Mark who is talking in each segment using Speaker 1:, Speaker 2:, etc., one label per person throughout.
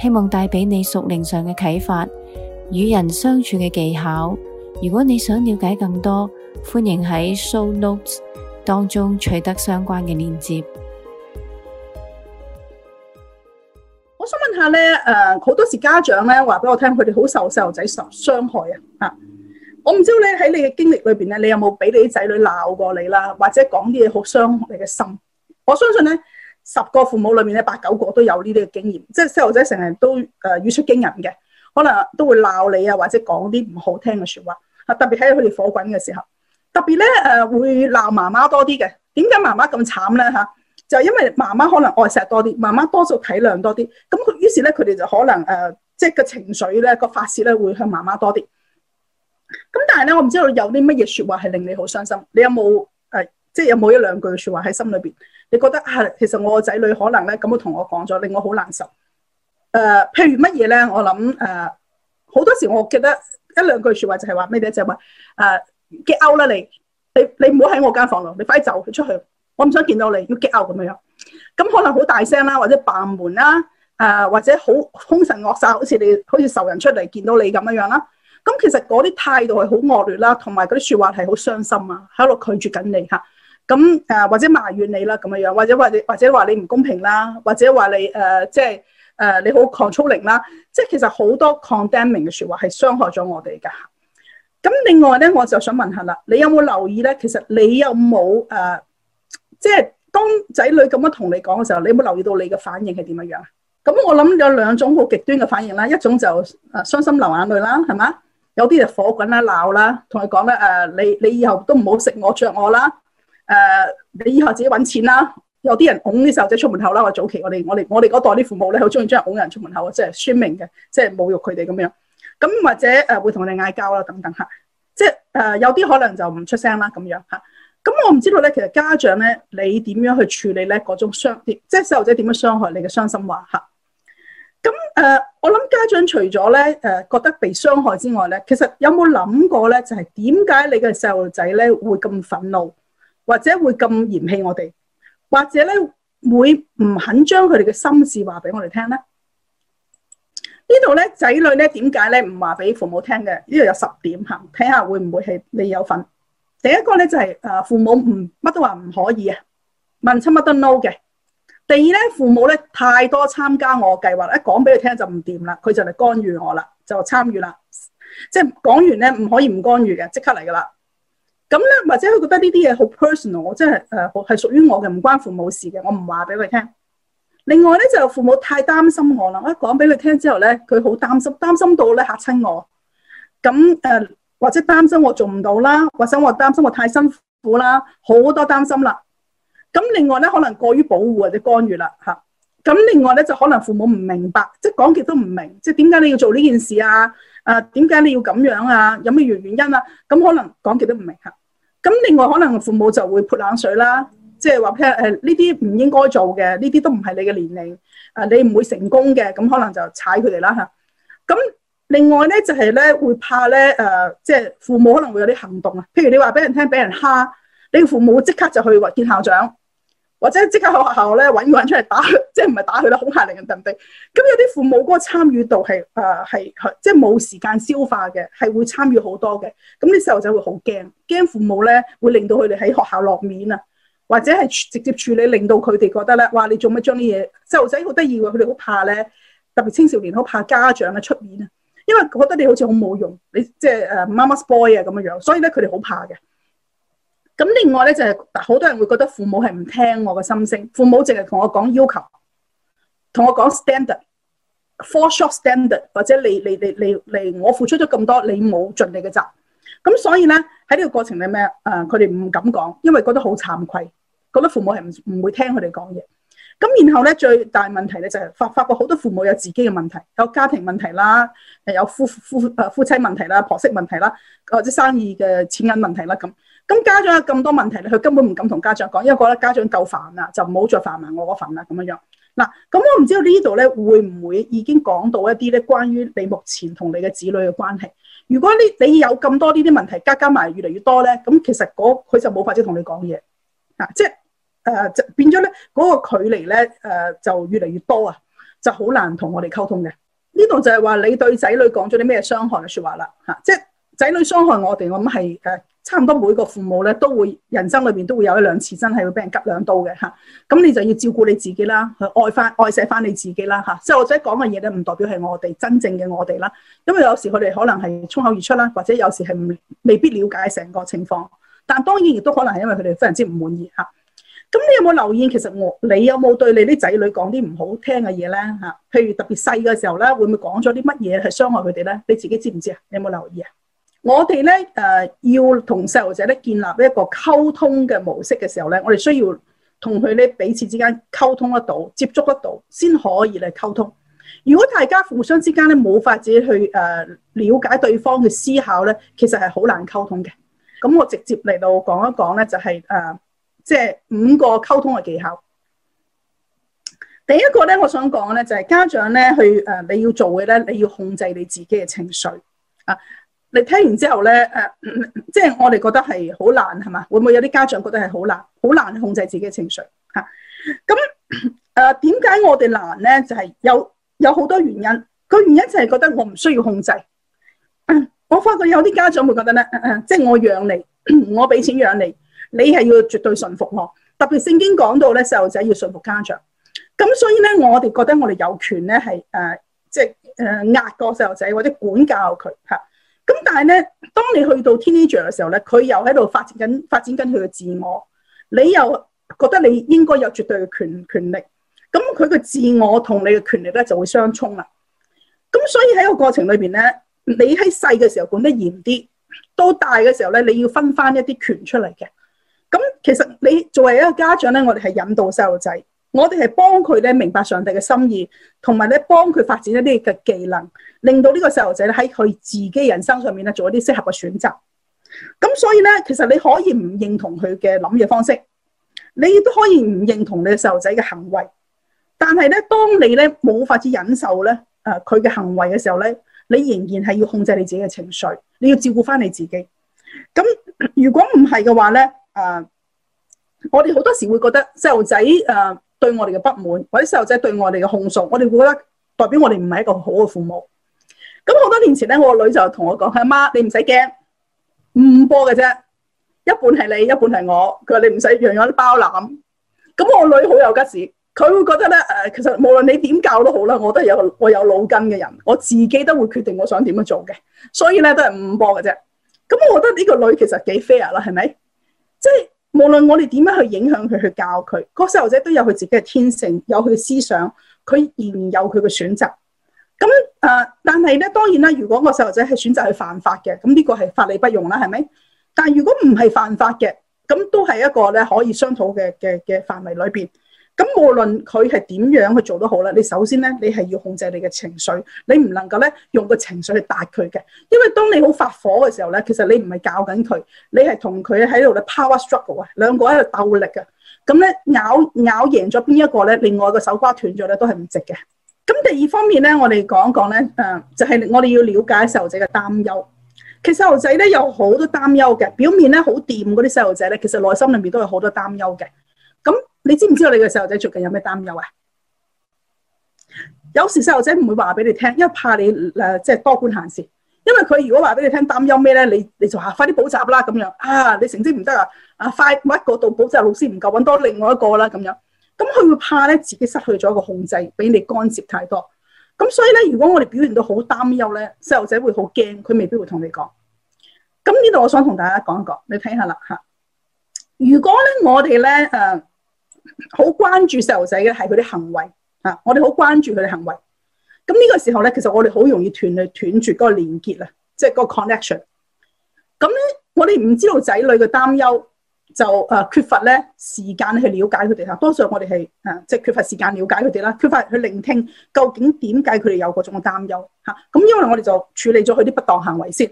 Speaker 1: 希望帶俾你屬靈上嘅啟發，與人相處嘅技巧。如果你想了解更多，歡迎喺 show notes 當中取得相關嘅鏈接。
Speaker 2: 我想問下咧，誒，好多時家長咧話俾我聽，佢哋好受細路仔傷傷害啊吓。我唔知咧喺你嘅經歷裏邊咧，你有冇俾你啲仔女鬧過你啦，或者講啲嘢好傷你嘅心。我相信咧。十個父母裏面咧，八九個都有呢啲經驗，即係細路仔成日都誒、呃、語出驚人嘅，可能都會鬧你啊，或者講啲唔好聽嘅説話啊。特別喺佢哋火滾嘅時候，特別咧誒會鬧媽媽多啲嘅。點解媽媽咁慘咧？嚇，就係因為媽媽可能愛錫多啲，媽媽多數體諒多啲，咁佢於是咧佢哋就可能誒、呃，即係個情緒咧個發泄咧會向媽媽多啲。咁但係咧，我唔知道有啲乜嘢説話係令你好傷心，你有冇誒、呃，即係有冇一兩句説話喺心裏邊？你覺得係、啊、其實我個仔女可能咧咁樣同我講咗，令我好難受。誒、呃，譬如乜嘢咧？我諗誒，好、呃、多時我記得一兩句説話就係話咩咧？就話誒，激嬲啦你，你你唔好喺我間房度，你快走出去，我唔想見到你，要激嬲咁樣。咁可能好大聲啦，或者掟門啦，誒、呃、或者好兇神惡煞，好似你好似仇人出嚟見到你咁樣樣啦。咁其實嗰啲態度係好惡劣啦，同埋嗰啲説話係好傷心啊，喺度拒絕緊你嚇。咁誒或者埋怨你啦咁樣樣，或者或者或者話你唔公平啦，或者話你誒即係誒你好 controlling 啦，即係、呃、其實好多 condemning 嘅説話係傷害咗我哋噶。咁另外咧，我就想問下啦，你有冇留意咧？其實你有冇誒、呃、即係當仔女咁樣同你講嘅時候，你有冇留意到你嘅反應係點樣？咁、嗯、我諗有兩種好極端嘅反應啦，一種就誒傷心流眼淚啦，係嘛？有啲就火滾啦、鬧啦，同佢講咧誒，你你以後都唔好食我着我啦。誒，uh, 你以後自己揾錢啦。有啲人拱啲細路仔出門口啦。我早期我哋我哋我哋嗰代啲父母咧，好中意將人拱人出門口，即係宣明嘅，即係侮辱佢哋咁樣。咁或者誒、呃、會同你嗌交啦，等等嚇。即係誒有啲可能就唔出聲啦咁樣嚇。咁、啊嗯、我唔知道咧，其實家長咧，你點樣去處理咧嗰種傷，即係細路仔點樣傷害你嘅傷心話嚇。咁、啊、誒、啊，我諗家長除咗咧誒覺得被傷害之外咧，其實有冇諗過咧，就係點解你嘅細路仔咧會咁憤怒？或者會咁嫌棄我哋，或者咧會唔肯將佢哋嘅心事話俾我哋聽咧？呢度咧仔女咧點解咧唔話俾父母聽嘅？呢度有十點吓，睇下會唔會係你有份。第一個咧就係、是、誒父母唔乜都話唔可以啊，問親乜都 no 嘅。第二咧父母咧太多參加我計劃，一講俾佢聽就唔掂啦，佢就嚟干預我啦，就參與啦，即係講完咧唔可以唔干預嘅，即刻嚟噶啦。咁咧，或者佢覺得呢啲嘢好 personal，即係誒係屬於我嘅，唔關父母事嘅，我唔話俾佢聽。另外咧就父母太擔心我啦，我一講俾佢聽之後咧，佢好擔心，擔心到咧嚇親我。咁誒、呃、或者擔心我做唔到啦，或者我擔心我太辛苦啦，好多擔心啦。咁另外咧可能過於保護或者干預啦嚇。咁另外咧就可能父母唔明白，即係講極都唔明，即係點解你要做呢件事啊？誒點解你要咁樣啊？有咩原原因啊？咁可能講極都唔明嚇。咁另外可能父母就會潑冷水啦，即係話聽誒呢啲唔應該做嘅，呢啲都唔係你嘅年齡，啊、呃、你唔會成功嘅，咁可能就踩佢哋啦嚇。咁、啊、另外咧就係、是、咧會怕咧誒，即、呃、係、就是、父母可能會有啲行動啊，譬如你話俾人聽俾人蝦，你父母即刻就去話見校長。或者即刻去學校咧揾佢出嚟打，即係唔係打佢啦，恐嚇嚟嘅，對唔對？咁有啲父母嗰個參與度係誒係即係冇時間消化嘅，係會參與好多嘅。咁啲細路仔會好驚，驚父母咧會令到佢哋喺學校落面啊，或者係直接處理，令到佢哋覺得咧哇你做乜將啲嘢細路仔好得意㗎，佢哋好怕咧，特別青少年好怕家長嘅出面啊，因為覺得你好似好冇用，你即係誒媽媽 boy 啊咁樣樣，所以咧佢哋好怕嘅。咁另外咧就係好多人會覺得父母係唔聽我嘅心聲，父母淨係同我講要求，同我講 standard，for short standard，或者你你你你我付出咗咁多，你冇盡你嘅責。咁所以咧喺呢個過程裏邊，誒佢哋唔敢講，因為覺得好慚愧，覺得父母係唔唔會聽佢哋講嘢。咁然後咧最大問題咧就係發發覺好多父母有自己嘅問題，有家庭問題啦，又有夫夫誒夫妻問題啦、婆媳問題啦，或者生意嘅錢銀問題啦咁。咁家長有咁多問題咧，佢根本唔敢同家長講，因為覺得家長夠煩啦，就唔好再煩埋我嗰份啦咁樣樣。嗱，咁我唔知道呢度咧會唔會已經講到一啲咧關於你目前同你嘅子女嘅關係。如果你你有咁多呢啲問題加加埋越嚟越多咧，咁其實佢就冇法子同你講嘢啊，即係誒、呃、就變咗咧嗰個距離咧誒、呃、就越嚟越多啊，就好難同我哋溝通嘅。呢度就係話你對仔女講咗啲咩傷害嘅説話啦嚇，即係仔女傷害我哋，我諗係誒。啊。差唔多每個父母咧，都會人生裏邊都會有一兩次真係會俾人拮兩刀嘅嚇。咁你就要照顧你自己啦，愛翻愛錫翻你自己啦嚇。即係或者講嘅嘢咧，唔代表係我哋真正嘅我哋啦。因為有時佢哋可能係衝口而出啦，或者有時係未未必了解成個情況。但當然亦都可能係因為佢哋非常之唔滿意嚇。咁你有冇留意？其實我你有冇對你啲仔女講啲唔好聽嘅嘢咧嚇？譬如特別細嘅時候咧，會唔會講咗啲乜嘢係傷害佢哋咧？你自己知唔知啊？你有冇留意啊？我哋咧，誒要同細路仔咧建立一個溝通嘅模式嘅時候咧，我哋需要同佢咧彼此之間溝通得到、接觸得到，先可以嚟溝通。如果大家互相之間咧冇法子去誒了解對方嘅思考咧，其實係好難溝通嘅。咁我直接嚟到講一講咧，就係呃，就係誒，即係五個溝通嘅技巧。第一個咧，我想講咧就係家長咧去誒，你要做嘅咧，你要控制你自己嘅情緒啊。你聽完之後咧，誒、呃、即、就、係、是、我哋覺得係好難，係嘛？會唔會有啲家長覺得係好難，好難控制自己嘅情緒吓？咁、啊、誒，點解、呃、我哋難咧？就係、是、有有好多原因。個原因就係覺得我唔需要控制。嗯、我發覺有啲家長會覺得咧，即、呃、係、就是、我養你，我俾錢養你，你係要絕對順服我。特別聖經講到咧，細路仔要順服家長。咁所以咧，我哋覺得我哋有權咧係誒，即係誒壓過細路仔或者管教佢吓。啊。咁但係咧，當你去到 teenager 嘅時候咧，佢又喺度發展緊發展緊佢嘅自我，你又覺得你應該有絕對嘅權權力，咁佢嘅自我同你嘅權力咧就會相沖啦。咁所以喺個過程裏邊咧，你喺細嘅時候管得嚴啲，到大嘅時候咧，你要分翻一啲權出嚟嘅。咁其實你作為一個家長咧，我哋係引導細路仔。我哋係幫佢咧明白上帝嘅心意，同埋咧幫佢發展一啲嘅技能，令到呢個細路仔咧喺佢自己人生上面咧做一啲適合嘅選擇。咁所以咧，其實你可以唔認同佢嘅諗嘢方式，你亦都可以唔認同你嘅細路仔嘅行為。但係咧，當你咧冇法子忍受咧，誒佢嘅行為嘅時候咧，你仍然係要控制你自己嘅情緒，你要照顧翻你自己。咁如果唔係嘅話咧，誒、呃，我哋好多時會覺得細路仔誒。呃對我哋嘅不滿，或者細路仔對我哋嘅控訴，我哋會覺得代表我哋唔係一個好嘅父母。咁好多年前咧，我個女就同我講：阿媽你唔使驚，五五波嘅啫，一半係你，一半係我。佢話你唔使樣樣都包攬。咁我女好有吉事，佢會覺得咧，誒、呃，其實無論你點教都好啦，我都係有我有腦筋嘅人，我自己都會決定我想點樣做嘅。所以咧都係五五波嘅啫。咁我覺得呢個女其實幾 fair 啦，係咪？即係。無論我哋點樣去影響佢，去教佢，個細路仔都有佢自己嘅天性，有佢嘅思想，佢仍然有佢嘅選擇。咁誒、呃，但係咧，當然啦，如果個細路仔係選擇去犯法嘅，咁呢個係法理不容啦，係咪？但係如果唔係犯法嘅，咁都係一個咧可以商討嘅嘅嘅範圍裏邊。咁無論佢係點樣去做都好啦，你首先咧，你係要控制你嘅情緒，你唔能夠咧用個情緒去答佢嘅，因為當你好發火嘅時候咧，其實你唔係教緊佢，你係同佢喺度咧 power struggle 啊，兩個喺度鬥力啊。咁咧咬咬贏咗邊一個咧，另外個手瓜斷咗咧都係唔值嘅。咁第二方面咧，我哋講一講咧，誒就係我哋要了解細路仔嘅擔憂。其實細路仔咧有好多擔憂嘅，表面咧好掂嗰啲細路仔咧，其實內心裡面都有好多擔憂嘅。咁你知唔知道你嘅細路仔最近有咩擔憂啊？有時細路仔唔會話俾你聽，因為怕你誒、呃，即係多管閒事。因為佢如果話俾你聽擔憂咩咧，你你就話快啲補習啦咁樣。啊，你成績唔得啊，啊快搵一個到補習老師唔夠，搵多另外一個啦咁樣。咁佢會怕咧，自己失去咗一個控制，俾你干涉太多。咁所以咧，如果我哋表現到好擔憂咧，細路仔會好驚，佢未必會同你講。咁呢度我想同大家講一講，你睇下啦吓。如果咧我哋咧誒。呃好關注細路仔嘅係佢啲行為啊！我哋好關注佢哋行為。咁呢個時候咧，其實我哋好容易斷斷絕嗰個連結啊，即係個 connection。咁咧，我哋唔知道仔女嘅擔憂，就誒缺乏咧時間去了解佢哋吓。多數我哋係誒，即係缺乏時間了解佢哋啦，缺乏去聆聽究竟點解佢哋有嗰種擔憂吓。咁因為我哋就處理咗佢啲不當行為先。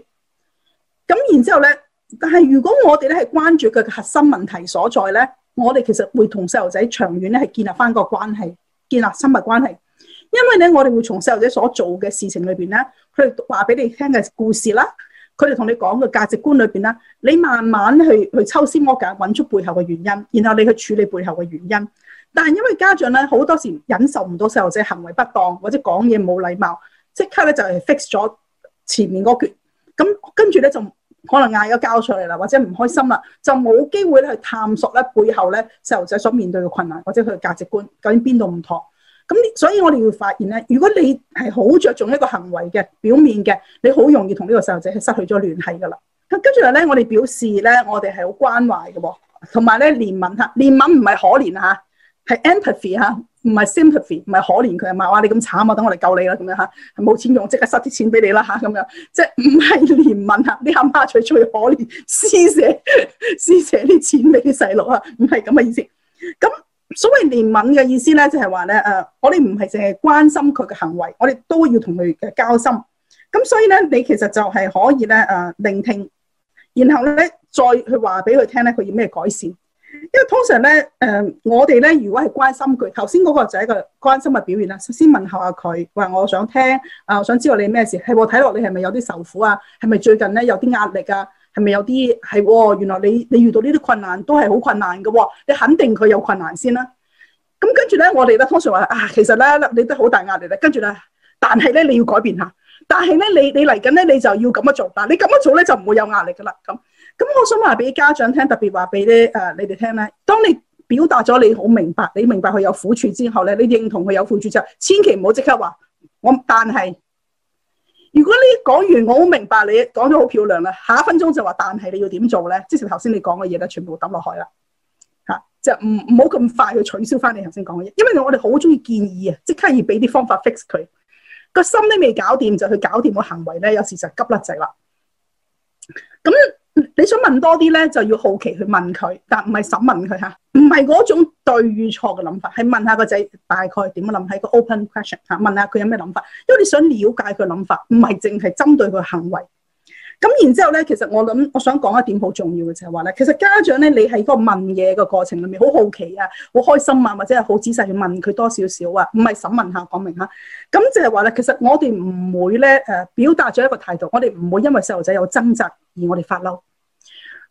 Speaker 2: 咁然之後咧，但係如果我哋咧係關注佢嘅核心問題所在咧。我哋其實會同細路仔長遠咧係建立翻個關係，建立親密關係。因為咧，我哋會從細路仔所做嘅事情裏邊咧，佢哋話俾你聽嘅故事啦，佢哋同你講嘅價值觀裏邊咧，你慢慢去去抽絲剝繭，揾出背後嘅原因，然後你去處理背後嘅原因。但係因為家長咧好多時忍受唔到細路仔行為不當或者講嘢冇禮貌，即刻咧就係、是、fix 咗前面嗰橛，咁跟住咧就。可能嗌咗交上嚟啦，或者唔開心啦，就冇機會咧去探索咧背後咧細路仔所面對嘅困難，或者佢嘅價值觀究竟邊度唔妥。咁所以我哋會發現咧，如果你係好着重一個行為嘅表面嘅，你好容易同呢個細路仔係失去咗聯繫噶啦。咁跟住咧，我哋表示咧，我哋係好關懷嘅喎，同埋咧憐憫嚇，憐憫唔係可憐嚇，係 empathy 嚇。唔係 sympathy，唔係可憐佢啊嘛，話你咁慘啊，等我嚟救你啦咁樣嚇，係冇錢用，即刻塞啲錢俾你啦嚇咁樣，即係唔係憐憫啊？啲阿媽最最可憐施捨、施捨啲錢俾啲細路啊，唔係咁嘅意思。咁所謂憐憫嘅意思咧，就係話咧誒，我哋唔係淨係關心佢嘅行為，我哋都要同佢嘅交心。咁所以咧，你其實就係可以咧誒聆聽，然後咧再去話俾佢聽咧，佢要咩改善。因為通常咧，誒、呃，我哋咧如果係關心佢，頭先嗰個就係一個關心嘅表現啦。首先問候下佢，話我想聽，啊、呃，我想知道你咩事？係喎，睇落你係咪有啲受苦啊？係咪最近咧有啲壓力啊？係咪有啲？係喎，原來你你遇到呢啲困難都係好困難嘅喎、哦。你肯定佢有困難先啦。咁、嗯、跟住咧，我哋咧通常話啊，其實咧你都好大壓力啦。跟住咧，但係咧你要改變下。但係咧你你嚟緊咧你就要咁樣做。但你咁樣做咧就唔會有壓力噶啦。咁。咁我想話俾家長聽，特別話俾咧誒你哋聽咧。當你表達咗你好明白，你明白佢有苦處之後咧，你認同佢有苦處之後，千祈唔好即刻話我。但係，如果你講完我好明白你，講咗好漂亮啦，下一分鐘就話但係你要點做咧？即係頭先你講嘅嘢咧，全部抌落去啦，吓、啊、就唔唔好咁快去取消翻你頭先講嘅嘢，因為我哋好中意建議啊，即刻要俾啲方法 fix 佢。個心都未搞掂，就去搞掂個行為咧，有時就急甩仔啦。咁。你想問多啲咧，就要好奇去問佢，但唔係審問佢吓，唔係嗰種對與錯嘅諗法，係問下個仔大概點樣諗，係個 open question 吓，問下佢有咩諗法，因為你想了解佢諗法，唔係淨係針對佢行為。咁然之後咧，其實我諗，我想講一點好重要嘅就係話咧，其實家長咧，你喺個問嘢嘅過程裡面，好好奇啊，好開心啊，或者係好仔細去問佢多少少啊，唔係審問下講明吓。咁就係話咧，其實我哋唔會咧誒、呃、表達咗一個態度，我哋唔會因為細路仔有掙扎而我哋發嬲。誒、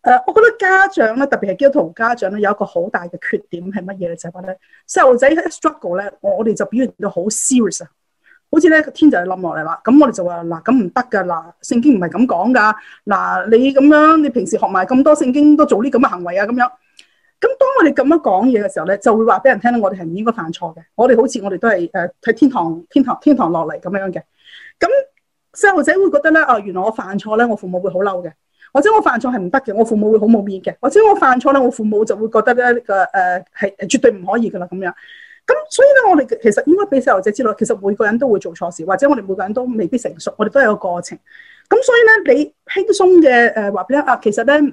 Speaker 2: 呃，我覺得家長咧，特別係基督徒家長咧，有一個好大嘅缺點係乜嘢咧？就係話咧，細路仔一 struggle 咧，我哋就表現到好 serious 啊。好似咧天就係冧落嚟啦，咁我哋就話嗱，咁唔得噶，嗱聖經唔係咁講噶，嗱你咁樣，你平時學埋咁多聖經，都做啲咁嘅行為啊，咁樣，咁當我哋咁樣講嘢嘅時候咧，就會話俾人聽咧我哋係唔應該犯錯嘅，我哋好似我哋都係誒喺天堂天堂天堂落嚟咁樣嘅，咁細路仔會覺得咧，哦、呃、原來我犯錯咧，我父母會好嬲嘅，或者我犯錯係唔得嘅，我父母會好冇面嘅，或者我犯錯咧，我父母就會覺得咧個誒係絕對唔可以噶啦咁樣。咁所以咧，我哋其實應該俾細路仔知道，其實每個人都會做錯事，或者我哋每個人都未必成熟，我哋都有個過程。咁所以咧，你輕鬆嘅誒話俾佢聽啊，其實咧，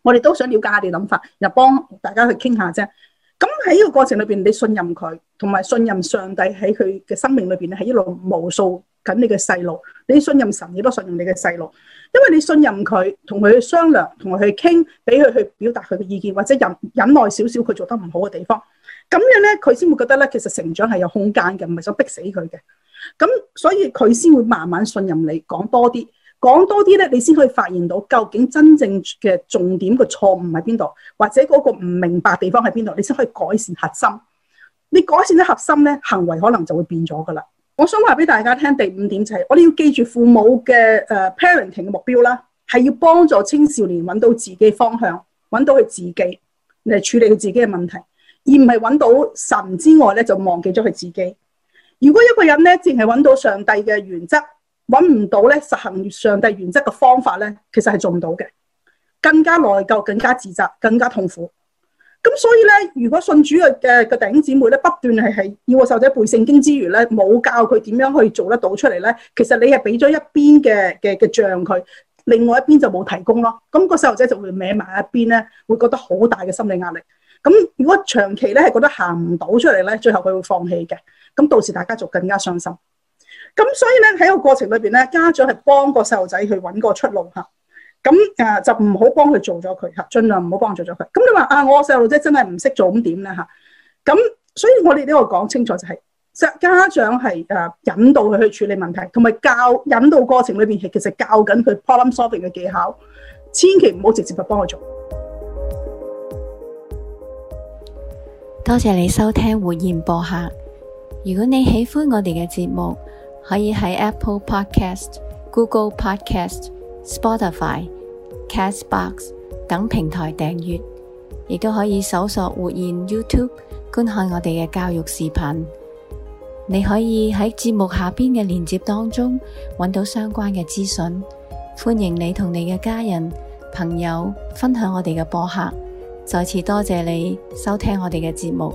Speaker 2: 我哋都想了解下你諗法，又幫大家去傾下啫。咁喺呢個過程裏邊，你信任佢，同埋信任上帝喺佢嘅生命裏邊咧，係一路護餵緊你嘅細路。你信任神，亦都信任你嘅細路，因為你信任佢，同佢去商量，同佢去傾，俾佢去表達佢嘅意見，或者忍忍耐少少佢做得唔好嘅地方。咁樣咧，佢先會覺得咧，其實成長係有空間嘅，唔係想逼死佢嘅。咁所以佢先會慢慢信任你，講多啲，講多啲咧，你先可以發現到究竟真正嘅重點嘅錯誤喺邊度，或者嗰個唔明白地方喺邊度，你先可以改善核心。你改善咗核心咧，行為可能就會變咗噶啦。我想話俾大家聽，第五點就係、是、我哋要記住父母嘅誒、uh, parenting 嘅目標啦，係要幫助青少年揾到自己方向，揾到佢自己嚟處理佢自己嘅問題。而唔係揾到神之外咧，就忘記咗佢自己。如果一個人咧，淨係揾到上帝嘅原則，揾唔到咧實行上帝原則嘅方法咧，其實係做唔到嘅，更加內疚，更加自責，更加痛苦。咁所以咧，如果信主嘅嘅弟兄姊妹咧，不斷係係要個細路仔背聖經之餘咧，冇教佢點樣去做得到出嚟咧，其實你係俾咗一邊嘅嘅嘅仗佢，另外一邊就冇提供咯。咁個細路仔就會歪埋一邊咧，會覺得好大嘅心理壓力。咁如果長期咧係覺得行唔到出嚟咧，最後佢會放棄嘅。咁到時大家就更加傷心。咁所以咧喺個過程裏邊咧，家長係幫個細路仔去揾個出路嚇。咁誒就唔好幫佢做咗佢嚇，儘量唔好幫佢做咗佢。咁你話啊，我個細路仔真係唔識做咁點咧嚇。咁所以我哋呢度講清楚就係、是，實家長係誒引導佢去處理問題，同埋教引導過程裏邊係其實教緊佢 problem solving 嘅技巧，千祈唔好直接去幫佢做。
Speaker 1: 多謝你收聽活現播客。如果你喜歡我哋嘅節目，可以喺 Apple Podcast、Google Podcast、Spotify、Castbox 等平台訂閱，亦都可以搜索活現 YouTube 觀看我哋嘅教育視頻。你可以喺節目下邊嘅鏈接當中揾到相關嘅資訊。歡迎你同你嘅家人、朋友分享我哋嘅播客。再次多謝你收聽我哋嘅節目。